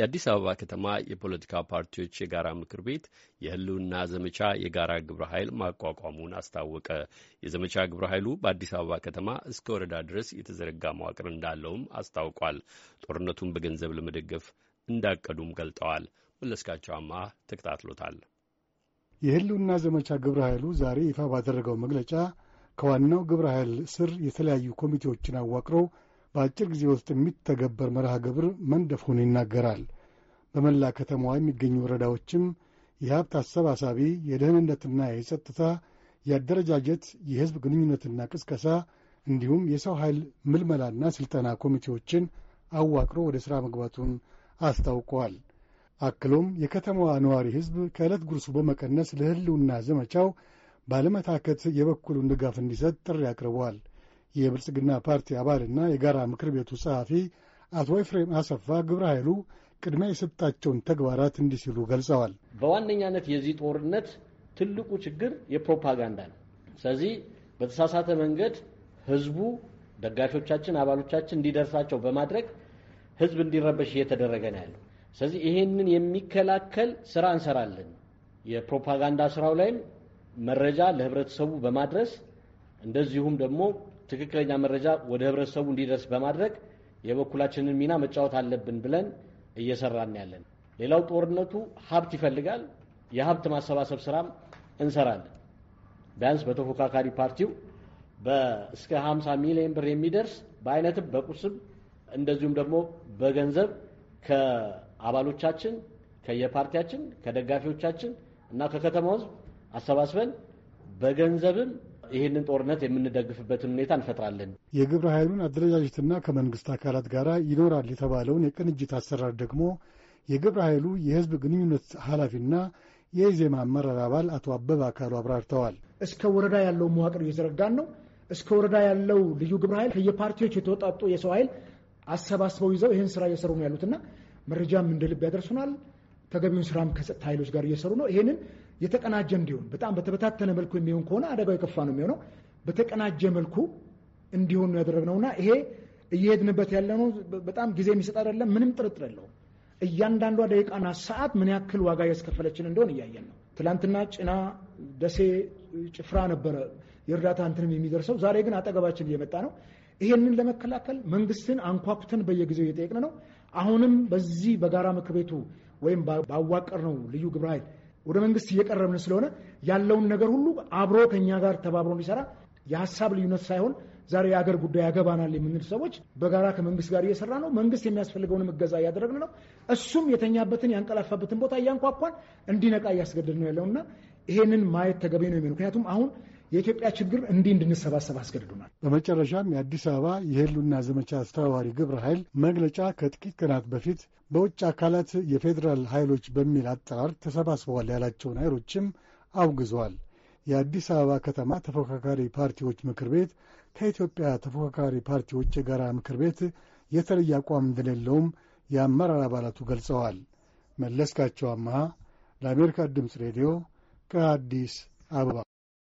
የአዲስ አበባ ከተማ የፖለቲካ ፓርቲዎች የጋራ ምክር ቤት የህልውና ዘመቻ የጋራ ግብረ ኃይል ማቋቋሙን አስታወቀ። የዘመቻ ግብረ ኃይሉ በአዲስ አበባ ከተማ እስከ ወረዳ ድረስ የተዘረጋ መዋቅር እንዳለውም አስታውቋል። ጦርነቱን በገንዘብ ለመደገፍ እንዳቀዱም ገልጠዋል። መለስካቸው ተከታትሎታል። የህልውና ዘመቻ ግብረ ኃይሉ ዛሬ ይፋ ባደረገው መግለጫ ከዋናው ግብረ ኃይል ስር የተለያዩ ኮሚቴዎችን አዋቅረው በአጭር ጊዜ ውስጥ የሚተገበር መርሃ ግብር መንደፉን ይናገራል። በመላ ከተማዋ የሚገኙ ወረዳዎችም የሀብት አሰባሳቢ፣ የደህንነትና የጸጥታ፣ የአደረጃጀት፣ የህዝብ ግንኙነትና ቅስቀሳ እንዲሁም የሰው ኃይል ምልመላና ሥልጠና ኮሚቴዎችን አዋቅሮ ወደ ሥራ መግባቱን አስታውቀዋል። አክሎም የከተማዋ ነዋሪ ሕዝብ ከዕለት ጉርሱ በመቀነስ ለህልውና ዘመቻው ባለመታከት የበኩሉን ድጋፍ እንዲሰጥ ጥሪ አቅርበዋል። የብልጽግና ፓርቲ አባልና የጋራ ምክር ቤቱ ጸሐፊ አቶ ኤፍሬም አሰፋ ግብረ ኃይሉ ቅድሚያ የሰጣቸውን ተግባራት እንዲህ ሲሉ ገልጸዋል። በዋነኛነት የዚህ ጦርነት ትልቁ ችግር የፕሮፓጋንዳ ነው። ስለዚህ በተሳሳተ መንገድ ህዝቡ፣ ደጋፊዎቻችን፣ አባሎቻችን እንዲደርሳቸው በማድረግ ህዝብ እንዲረበሽ እየተደረገ ነው ያለው። ስለዚህ ይሄንን የሚከላከል ስራ እንሰራለን። የፕሮፓጋንዳ ስራው ላይም መረጃ ለህብረተሰቡ በማድረስ እንደዚሁም ደግሞ ትክክለኛ መረጃ ወደ ህብረተሰቡ እንዲደርስ በማድረግ የበኩላችንን ሚና መጫወት አለብን ብለን እየሰራን ያለን። ሌላው ጦርነቱ ሀብት ይፈልጋል። የሀብት ማሰባሰብ ስራም እንሰራለን። ቢያንስ በተፎካካሪ ፓርቲው እስከ 50 ሚሊዮን ብር የሚደርስ በአይነትም በቁስም እንደዚሁም ደግሞ በገንዘብ ከአባሎቻችን ከየፓርቲያችን ከደጋፊዎቻችን እና ከከተማው ህዝብ አሰባስበን በገንዘብም ይህንን ጦርነት የምንደግፍበትን ሁኔታ እንፈጥራለን። የግብረ ኃይሉን አደረጃጀትና ከመንግስት አካላት ጋር ይኖራል የተባለውን የቅንጅት አሰራር ደግሞ የግብረ ኃይሉ የህዝብ ግንኙነት ኃላፊና የኢዜማ አመራር አባል አቶ አበበ አካሉ አብራርተዋል። እስከ ወረዳ ያለው መዋቅር እየዘረጋን ነው። እስከ ወረዳ ያለው ልዩ ግብረ ኃይል ከየፓርቲዎች የተወጣጡ የሰው ኃይል አሰባስበው ይዘው ይህን ስራ እየሰሩ ነው ያሉትና መረጃም እንደልብ ያደርሱናል። ተገቢውን ስራም ከጸጥታ ኃይሎች ጋር እየሰሩ ነው። ይህንን የተቀናጀ እንዲሆን በጣም በተበታተነ መልኩ የሚሆን ከሆነ አደጋው የከፋ ነው የሚሆነው። በተቀናጀ መልኩ እንዲሆን ነው ያደረግነውና ይሄ እየሄድንበት ያለነው በጣም ጊዜ የሚሰጥ አይደለም። ምንም ጥርጥር የለውም። እያንዳንዷ ደቂቃና ሰዓት ምን ያክል ዋጋ እያስከፈለችን እንደሆን እያየን ነው። ትላንትና ጭና ደሴ ጭፍራ ነበረ የእርዳታ እንትንም የሚደርሰው ዛሬ ግን አጠገባችን እየመጣ ነው። ይሄንን ለመከላከል መንግስትን አንኳኩተን በየጊዜው እየጠየቅን ነው። አሁንም በዚህ በጋራ ምክር ቤቱ ወይም ባዋቀር ነው ልዩ ግብረ ኃይል ወደ መንግስት እየቀረብን ስለሆነ ያለውን ነገር ሁሉ አብሮ ከኛ ጋር ተባብሮ እንዲሰራ የሀሳብ ልዩነት ሳይሆን ዛሬ የአገር ጉዳይ ያገባናል የምንል ሰዎች በጋራ ከመንግስት ጋር እየሰራ ነው። መንግስት የሚያስፈልገውን እገዛ እያደረግን ነው። እሱም የተኛበትን ያንቀላፋበትን ቦታ እያንኳኳን እንዲነቃ እያስገደድ ነው ያለውና ይሄንን ማየት ተገቢ ነው የሚ ምክንያቱም አሁን የኢትዮጵያ ችግር እንዲህ እንድንሰባሰብ አስገድዶናል። በመጨረሻም የአዲስ አበባ የህሉና ዘመቻ አስተባባሪ ግብረ ኃይል መግለጫ ከጥቂት ቀናት በፊት በውጭ አካላት የፌዴራል ኃይሎች በሚል አጠራር ተሰባስበዋል ያላቸውን ኃይሎችም አውግዘዋል። የአዲስ አበባ ከተማ ተፎካካሪ ፓርቲዎች ምክር ቤት ከኢትዮጵያ ተፎካካሪ ፓርቲዎች የጋራ ምክር ቤት የተለየ አቋም እንደሌለውም የአመራር አባላቱ ገልጸዋል። መለስካቸው አመሃ ለአሜሪካ ድምፅ ሬዲዮ ከአዲስ አበባ